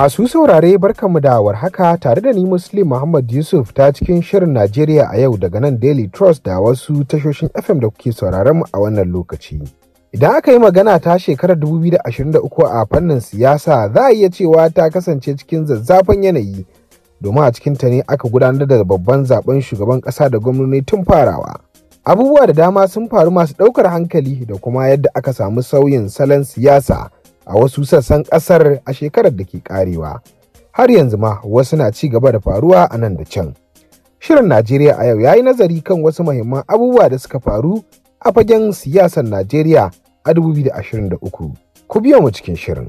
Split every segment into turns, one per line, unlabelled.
Masu saurare barkanmu da haka, tare da ni Muslim Muhammad Yusuf ta cikin shirin Najeriya a yau daga nan Daily Trust da wasu tashoshin FM da kuke sauraron mu a wannan lokaci. Idan aka yi magana ta shekarar 2023 a fannin siyasa za a iya cewa ta kasance cikin zazzafan yanayi domin a cikin ta ne aka gudanar da babban zaben shugaban ƙasa da gwamnati tun farawa. Abubuwa da dama sun faru masu ɗaukar hankali da kuma yadda aka samu sauyin salon siyasa. a wasu sassan ƙasar a shekarar da ke ƙarewa, Har yanzu ma wasu na ci gaba da faruwa a nan da can. Shirin Najeriya a yau ya yi nazari kan wasu muhimman abubuwa da suka faru a fagen siyasar Najeriya a 2023. Ku biyo mu cikin shirin.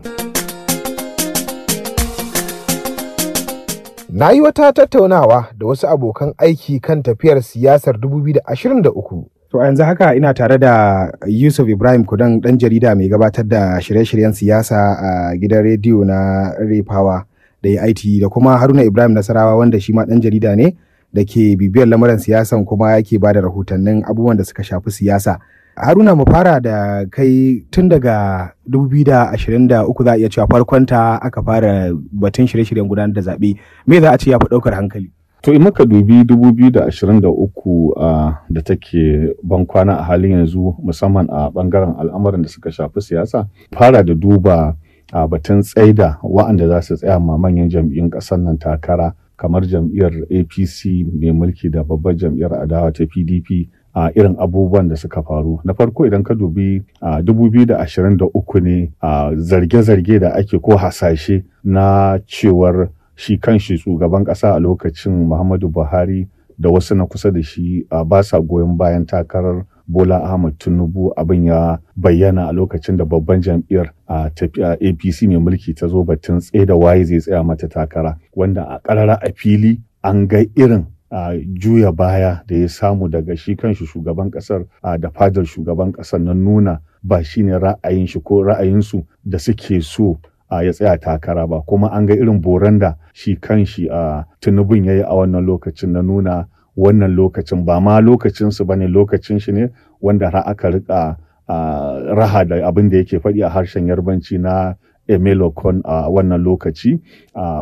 Na yi wata tattaunawa da wasu abokan aiki kan tafiyar siyasar 2023. To a yanzu haka ina tare da Yusuf Ibrahim Kudan ɗan jarida mai gabatar da shirye-shiryen siyasa a gidan rediyo na Refawa da ya IT e da kuma Haruna Ibrahim Nasarawa wanda shi ma ɗan jarida ne da ke bibiyar lamuran siyasan kuma yake ba da rahotannin abubuwan da suka shafi siyasa. Haruna mu fara da kai tun daga 2023 za a iya cewa farkonta aka fara batun shirye-shiryen gudanar da zaɓe.
Me za a ce ya fi ɗaukar hankali? To in muka dubi 2023 da take bankwana a halin yanzu musamman a bangaren al'amuran da suka shafi siyasa fara da duba a batun tsaida wa'anda za su tsaya ma manyan jam'iyyun ƙasar nan takara kamar jam'iyyar APC mai mulki da babbar jam'iyyar adawa ta PDP a irin abubuwan da suka faru na farko idan ka dubi a 2023 ne a zarge-zarge da ake ko hasashe na cewar shi kanshi shugaban ƙasa a lokacin Muhammadu Buhari da wasu na kusa da shi a ba sa goyon bayan takarar Bola Ahmed Tinubu abin ya bayyana a lokacin da babban jam'iyyar a tafiya APC mai mulki ta zo batun da waye zai tsaya mata takara wanda a ƙarara a fili an ga irin a juya baya da ya samu daga shi kanshi shugaban kasar da fadar shugaban ƙasar na nuna ba shine ra'ayin shi ko ra'ayinsu da suke so a ya tsaya takara ba kuma an ga irin boran da shi kan shi a tunubin ya yi a wannan lokacin na nuna wannan lokacin ba ma lokacinsu ba ne lokacin shi ne wanda har aka rika raha da abin da yake faɗi a harshen yarbanci na Emelo a wannan lokaci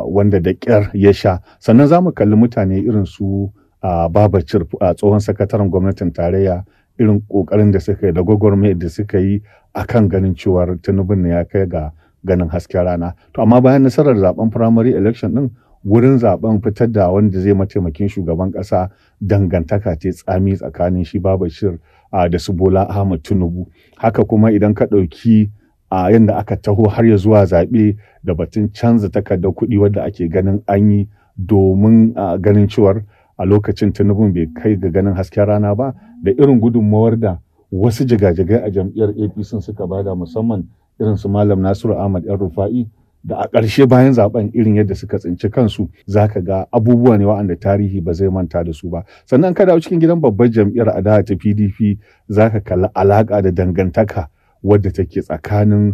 wanda da ƙyar ya sha sannan za mu kalli mutane irin su a babacir tsohon sakataren gwamnatin tarayya irin ƙoƙarin da suka yi da gwagwarmayar da suka yi akan ganin cewar tunubin ya kai ga ganin hasken rana to amma bayan nasarar zaben primary election ɗin. wurin zaben fitar da wanda zai mataimakin shugaban kasa dangantaka ce tsami tsakanin shi babashir ah, da su bola ahmad tinubu haka kuma idan ka ɗauki a ah, yadda aka taho har ya zuwa zaɓe da batun canza takardar kuɗi wadda ake ganin an yi domin ah, ganin cewar a lokacin Tinubu bai kai ga ganin hasken rana ba da irin gudunmawar da wasu jigajigai a jam'iyyar apc suka bada musamman irin su malam nasiru ahmad yan rufa'i da a ƙarshe bayan zaben irin yadda suka tsinci kansu za ka ga abubuwa ne wa'anda tarihi ba zai manta da su ba sannan ka dawo cikin gidan babbar jam'iyyar adawa ta pdp za ka kalli alaƙa da dangantaka wadda take tsakanin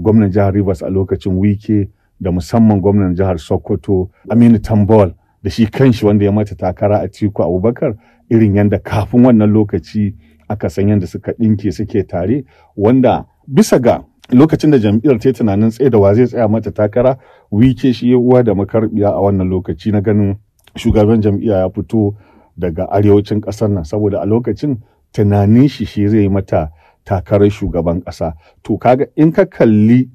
gwamnan jihar rivers a lokacin wike da musamman gwamnan jihar sokoto aminu tambol da shi kanshi wanda ya mata takara a tiku abubakar irin yadda kafin wannan lokaci aka san yadda suka ɗinke suke tare wanda bisa ga lokacin da jam'iyyar ta tunanin tsaye wa zai tsaya mata takara wike shi ya uwa da makarbiya a wannan lokaci na ganin shugaban jam'iyya ya fito daga arewacin ƙasar nan saboda a lokacin tunanin shi shi zai mata takarar shugaban ƙasa to kaga in ka kalli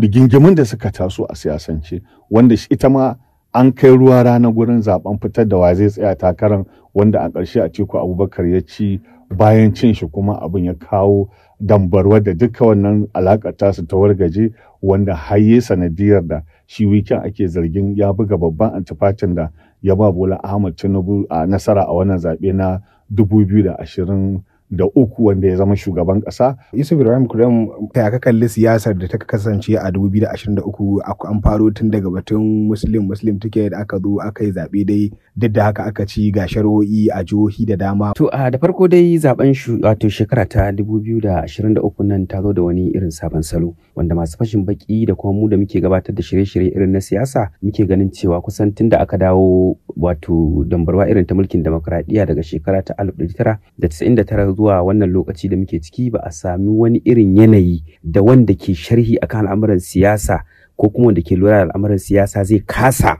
rigingimin da suka taso a siyasance wanda ita ma an kai ruwa rana gurin zaben fitar da wa zai tsaya takarar wanda a ƙarshe a teku abubakar ya ci bayan cin shi kuma abin ya kawo dambarwa da duka wannan alaƙa ta su ta wargaje wanda haye sanadiyar da shi wikin ake zargin ya buga babban antifatin da ya ba bola ahmad tinubu a nasara a wannan zaɓe na 2020 da uku wanda ya zama shugaban kasa. Yusuf Ibrahim Kurem ta ka kalli siyasar
da ta kasance a 2023 an faro tun daga batun Muslim Muslim ticket aka zo aka yi zaɓe dai duk da haka aka ci ga sharo'i a jihohi da dama. To a da farko
dai zaben wato shekara ta 2023 nan ta zo da wani irin sabon salo wanda masu fashin baki da kuma mu da muke gabatar da shirye-shirye irin na siyasa muke ganin cewa kusan tun da aka dawo wato dambarwa irin ta mulkin demokradiyya daga shekara ta 1999 zuwa wannan lokaci da muke ciki ba a sami wani irin yanayi da wanda ke sharhi akan al'amuran siyasa ko kuma wanda ke lura da al'amuran siyasa zai kasa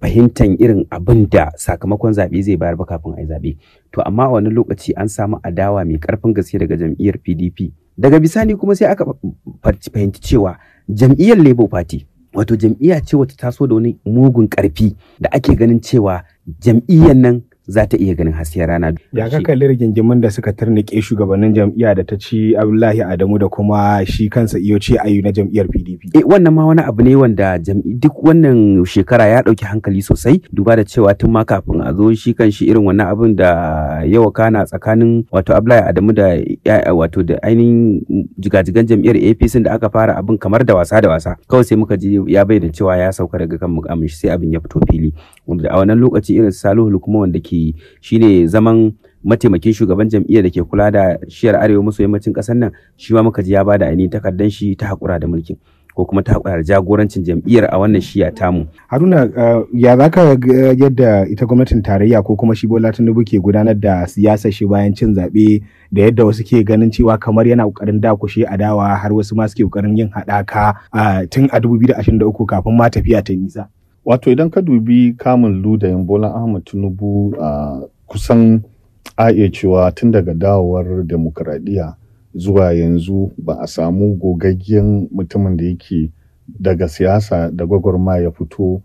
fahimtan irin abin da sakamakon zaɓe zai bayar ba kafin a yi zaɓe. To amma a wani lokaci an samu adawa mai ƙarfin gaske daga jam'iyyar PDP. Daga bisani kuma sai aka fahimci cewa jam'iyyar Labour Party wato jam'iyya ce wata taso da wani mugun ƙarfi da ake ganin cewa jam'iyyar nan za ta iya ganin hasken rana.
Ya ga kalli rigingimin da suka tarnike shugabannin jam'iyya da ta ci Abdullahi Adamu da kuma shi kansa iyo ce ayu na jam'iyyar
PDP. E eh, wannan ma wani abu ne wanda duk wannan shekara ya ɗauki hankali sosai duba da cewa tun ma kafin a zo shi kan shi irin wannan abin da yawa kana tsakanin wato Abdullahi Adamu da wato da ainihin jigajigan jam'iyyar APC da aka fara abin kamar da wasa da wasa kawai sai muka ji ya bayyana cewa ya sauka daga kan mu'amalar sai abin ya fito fili wanda a wannan lokaci irin Salihu kuma wanda ke yake shine zaman mataimakin shugaban jam'iyyar da ke kula da shiyar arewa maso yammacin kasar nan shi ma muka ji ya bada ainihin takardan shi ta hakura da mulkin ko kuma ta hakura jagorancin jam'iyyar a wannan shiya tamu.
Haruna eh, ya za ka yadda ita gwamnatin tarayya ko kuma shi Bola Tinubu ke gudanar da siyasa shi bayan cin zaɓe da yadda wasu ke ganin cewa kamar yana ƙoƙarin dakushe a dawa har wasu ma suke ƙoƙarin yin haɗaka eh, tun a 2023 kafin ma
tafiya ta nisa. wato idan ka dubi kamun ludayin bola ahmad tinubu a kusan a iya cewa tun daga dawowar demokradiyya zuwa yanzu ba a samu gogaggen mutumin da yake daga siyasa da gwagwarma ya fito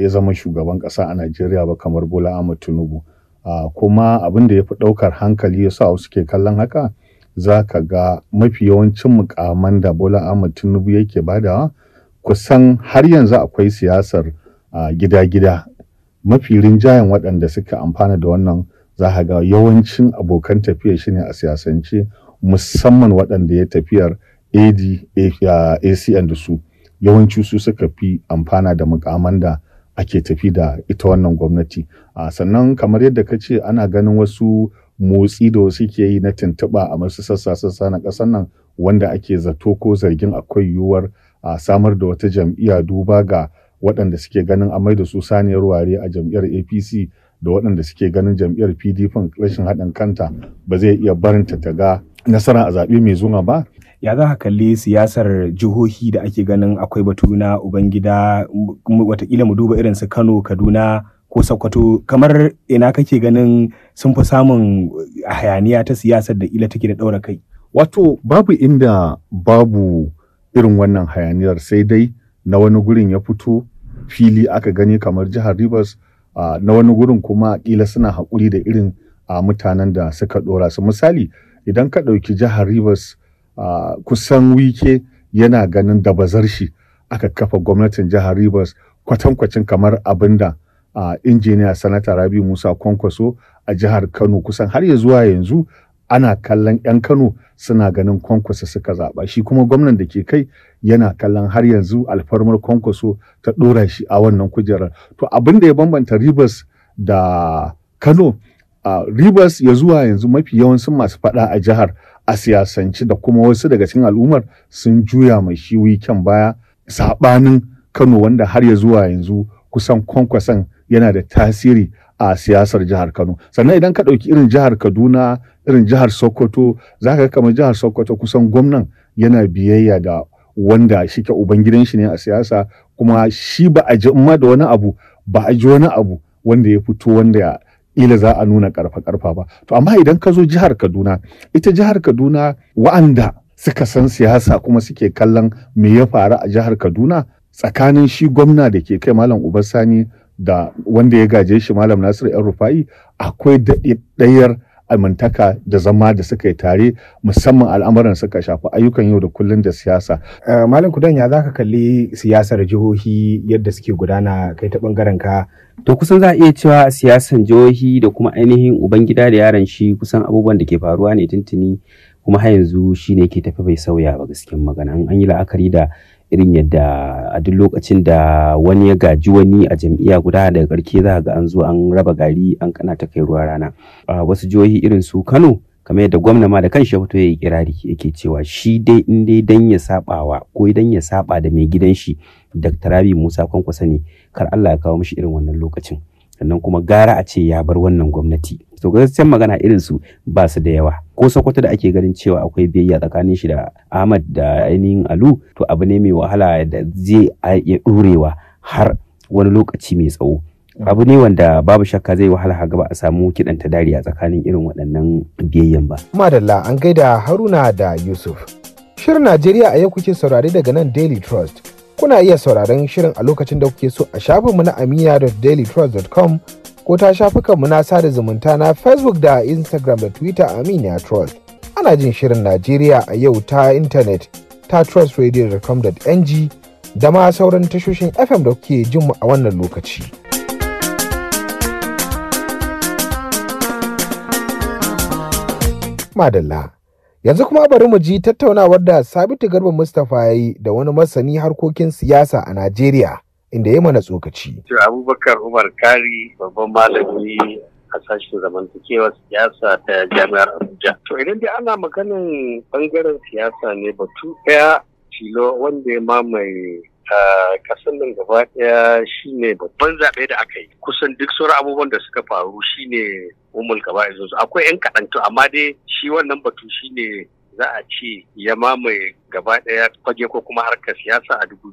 ya zama shugaban ƙasa a najeriya ba kamar bola ahmad tinubu kuma abin da ya fi ɗaukar hankali ya sa suke kallon haka za ka ga mafi yawancin mukaman da bola ahmad tinubu yake badawa kusan har yanzu akwai siyasar gida-gida mafi rinjayen waɗanda suka amfana da wannan za a ga yawancin abokan tafiya shine a siyasance musamman waɗanda ya tafiyar ad acn da su yawanci su suka fi amfana da mukaman da ake tafi da ita wannan gwamnati sannan kamar yadda ka ce ana ganin wasu motsi da wasu ke yi na tuntuɓa a masu sassa-sassa na ƙasar nan wanda ake zato ko zargin akwai yiwuwar samar da wata jam'iyya duba ga waɗanda suke ganin amai da su saniyar ware a jam'iyyar apc da waɗanda suke ganin jam'iyyar pdp rashin haɗin kanta ba zai iya barinta ta ga nasara a zaɓe mai zuwa ba ya za ka kalli siyasar
jihohi da ake ganin akwai batu na ubangida watakila mu duba irin su kano kaduna ko sokoto kamar ina kake ganin sun fi samun hayaniya
ta siyasar da ila take da ɗaura kai wato babu inda babu irin wannan hayaniyar sai dai na wani gurin ya fito fili aka gani kamar jihar Rivers na wani gurin kuma kila suna haƙuri da irin a mutanen da suka ɗora su misali idan ka ɗauki jihar Rivers uh, kusan wike yana ganin da bazar shi aka kafa gwamnatin jihar Rivers kwatankwacin kamar abinda injiniya sanata Rabi Musa Kwankwaso a jihar Kano kusan har ya zuwa yanzu ana kallon 'yan Kano suna ganin kwankwaso suka zaɓa shi kuma gwamnan da ke kai yana kallon har yanzu alfarmar kwankwaso ta ɗora shi a wannan kujerar. To abin da ya bambanta Rivers da Kano Rivers ya zuwa yanzu mafi yawansu masu faɗa a jihar a siyasanci da kuma wasu daga cikin al'ummar sun juya mai shi kyan baya saɓanin Kano wanda har ya zuwa yanzu kusan kwankwason yana da tasiri a siyasar jihar Kano sannan idan ka ɗauki irin jihar Kaduna irin jihar Sokoto za ka kama jihar Sokoto kusan gwamnan yana biyayya da wanda shi ke ubangidan shi ne a siyasa kuma shi ba a ji ma da wani abu ba a ji wani abu wanda ya fito wanda ya ila za a nuna karfa karfa ba to amma idan ka zo jihar Kaduna ita jihar Kaduna wa'anda suka san siyasa kuma suke kallon me ya faru a jihar Kaduna tsakanin shi gwamna da ke kai malam Sani. da wanda ya gaje shi malam nasiru yan rufa'i akwai daɗaɗɗayar amintaka da zama da suka yi tare musamman al'amuran suka shafi ayyukan yau da kullum da siyasa. Eh, malam
Kudan ya za kalli siyasar jihohi yadda suke gudana kai ta bangaren ka?
To kusan za a iya cewa siyasan jihohi da kuma ainihin uban gida da yaran shi kusan abubuwan da ke faruwa ne tuntuni kuma har yanzu shi ne ke tafi bai sauya ba gaskiyan magana an yi la'akari da irin yadda a duk lokacin da wani ya gaji wani a jam'iyya guda daga karke za ga an zo an raba gari an kana ta kai ruwa rana a wasu jihohi irin su kano kamar yadda gwamna ma da kan ya fito ya yi kirari yake cewa shi dai in dai dan ya sabawa ko dan ya saba da mai gidan shi Dr. Rabi Musa Kwankwasa ne kar Allah ya kawo mishi irin wannan lokacin sannan kuma gara a ce ya bar wannan gwamnati to gaskiyar magana irin su ba su da yawa ko sokoto da ake ganin cewa akwai biyayya tsakanin shi da ahmad da ainihin alu to abu ne mai wahala da zai iya ɗorewa har wani lokaci mai tsawo abu ne wanda babu shakka zai wahala ha gaba a samu kiɗan ta dariya tsakanin irin waɗannan biyayyan
ba. Madalla an gaida Haruna da Yusuf. Shirin Najeriya a yau kuke saurare daga nan Daily Trust. Kuna iya sauraron shirin a lokacin da kuke so a shafinmu na amiya.dailytrust.com? ko ta shafukanmu na sada zumunta na facebook da instagram da twitter aminiya trust ana jin shirin najeriya a yau ta intanet ta trustradio.com.ng da ma sauran tashoshin fm da kuke jinmu a wannan lokaci madalla yanzu kuma bari mu ji tattaunawar da sabitu garba mustapha ya yi da wani masani harkokin siyasa a najeriya inda ya mana tsokaci.
Abubakar Umar Kari babban malami a sashen zamantakewa siyasa ta jami'ar Abuja. To idan dai ana maganin bangaren siyasa ne batu ɗaya tilo wanda ya mamaye a kasan nan gaba ɗaya shine babban zaɓe da aka yi kusan duk sauran abubuwan da suka faru shine umul gaba akwai 'yan kaɗan to amma dai shi wannan batu shine za a ce ya mamaye gaba ɗaya fage ko kuma harkar siyasa a uku.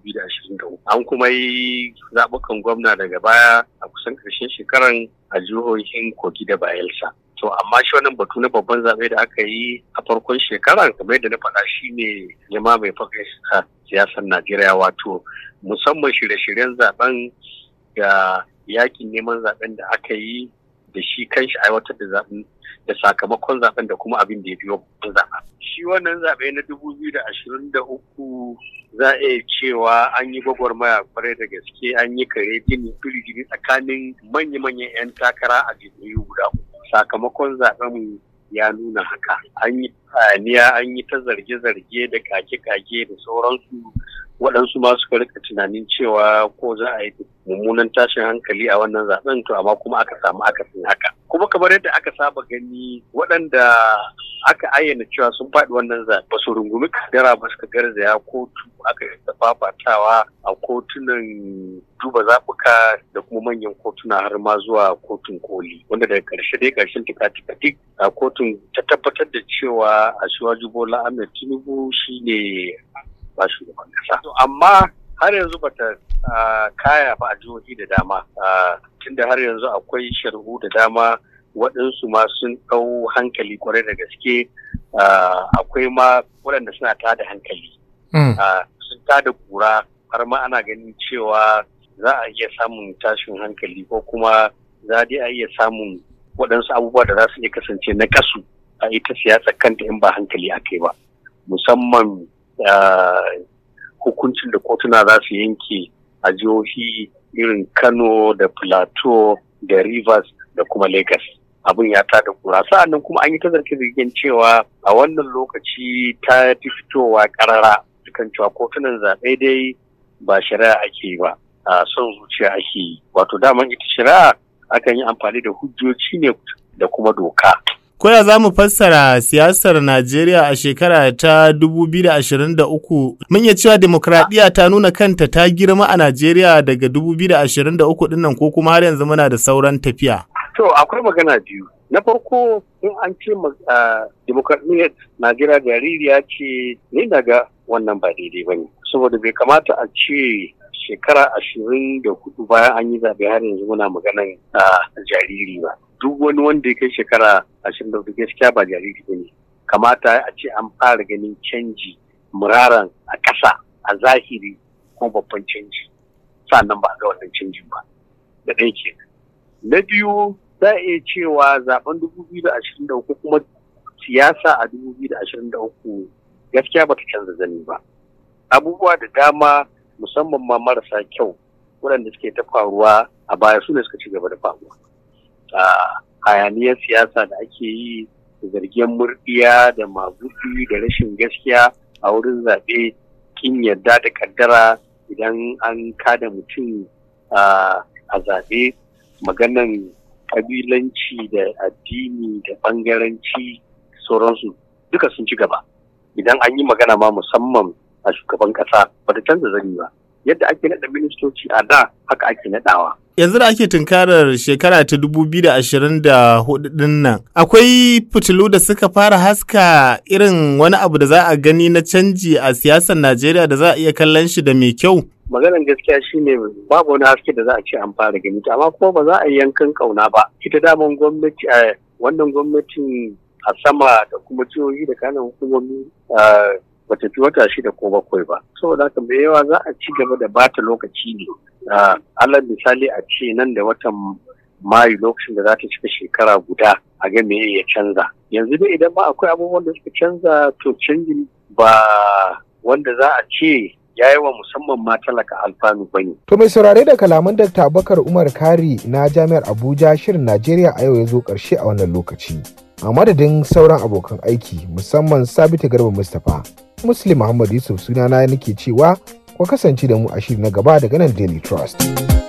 an kuma yi zaɓukan gwamna daga baya a kusan ƙarshen shekaran a jihohin kogi da bayelsa to amma shi wannan batu na babban zaɓe da aka yi a farkon shekaran kamar yadda na faɗa shi ne ya mamaye fage siyasar najeriya wato musamman shirye-shiryen zaben ga yakin neman zaɓen da aka yi da shi kanshi aiwatar da zaben da sakamakon zaben da kuma abin da ya biyo zaben. Shi wannan zaɓe na dubu biyu da ashirin da uku za a iya cewa an yi gwagwarmaya kwarai da gaske an yi kare gini firgini tsakanin manya-manyan 'yan takara a jirgin guda uku. Sakamakon zaben ya nuna haka. An yi an yi ta zarge-zarge da kake-kake da sauransu waɗansu ma suka rika tunanin cewa ko za a yi mummunan tashin hankali a wannan zaɓen? to amma kuma aka samu akasin haka kuma kamar yadda aka saba gani waɗanda aka ayyana cewa sun faɗi wannan zaɓe ba su rungumi kadara ba suka garzaya kotu aka yi fafatawa a kotunan duba zaɓuka da kuma manyan kotuna har ma zuwa kotun koli wanda daga ƙarshe dai ƙarshen tikatikatik a kotun ta tabbatar da cewa a bola ahmed tinubu shine ba shi da kasa. Amma har yanzu bata kaya ba a jihohi da dama tunda har yanzu akwai sharhu da dama waɗansu ma sun ɗau hankali kwarai da gaske akwai ma waɗanda suna tada hankali hmm. sun tada kura har ma ana ganin cewa za a iya samun tashin hankali ko kuma za a iya samun waɗansu abubuwa da za su iya kasance na kasu a ita siyasa kanta in ba hankali a kai ba musamman hukuncin da kotuna za su yanke a jihohi irin kano da plateau da rivers da kuma lagos abin ya da kura sa'annan kuma an yi ta zarge zargen cewa a wannan lokaci ta fi fitowa karara kan cewa kotunan zaɓe dai ba shari'a ake ba a son zuciya ake yi wato daman ita shari'a akan yi amfani da hujjoci ne da kuma doka
Koya za mu fassara siyasar Najeriya a shekara ta 2023 mun iya cewa demokradiyya ta nuna kanta ta girma a Najeriya daga 2023 dinnan ko kuma har yanzu muna da sauran tafiya.
To akwai magana biyu. Na farko in an ce demokradiyyar Najeriya jaririya ce ni daga wannan ba daidai ba ne. Saboda bai kamata a ce shekara ashirin da hudu bayan an yi zaɓe har yanzu muna maganan jariri ba. Duk wani wanda ya kai shekara da gaskiya ba jariri ba kamata a ce an fara ganin canji muraran a ƙasa a zahiri ko babban canji sannan ba a ga wannan canjin ba da ɗaya ke na biyu za a iya cewa zaben dubu biyu da ashirin da uku kuma siyasa a dubu biyu da ashirin da uku gaskiya ba ta canza zani ba abubuwa da dama musamman ma marasa kyau waɗanda suke ta faruwa a baya su ne suka ci gaba da faruwa ah, hayaniyar siyasa da ake yi da zargin murdiya da maguɗi da rashin gaskiya a wurin zaɓe kin yarda da kaddara idan an kada mutum a zaɓe maganan kabilanci da addini da bangaranci sauransu duka sun ci gaba idan an yi magana ma musamman a shugaban ƙasa ba ta canza zani ba yadda ake naɗa ministoci a da haka ake naɗawa
yanzu da ake tunkarar shekara ta 2024 din nan akwai fitilu da suka fara haska irin wani abu da za a gani na canji a siyasar najeriya da za a iya kallon shi da mai kyau
Maganar gaskiya shine babu wani haske da za a ce an fara gani amma kuma ba za a yankan kauna ba ita daman gwamnati a eh, wannan gwamnati a sama da kuma jihohi da kanan hukumomi eh, ba ta fi wata shida ko bakwai ba saboda haka mai yawa za a ci gaba da bata lokaci ne alal misali a ce nan da watan mayu lokacin da za ta cika shekara guda a ga me ya canza yanzu dai idan ba akwai abubuwan da suka canza to canjin ba wanda za a ce ya yi wa musamman ma talaka alfanu ba ne.
To mai saurare da kalaman da tabakar Umar Kari na Jami'ar Abuja shirin Najeriya a yau ya zo ƙarshe a wannan lokaci. a madadin sauran abokan aiki musamman sabita garba mustapha muslim muhammad yusuf sunana nake cewa ku kasance da mu a shiri na gaba daga nan daily trust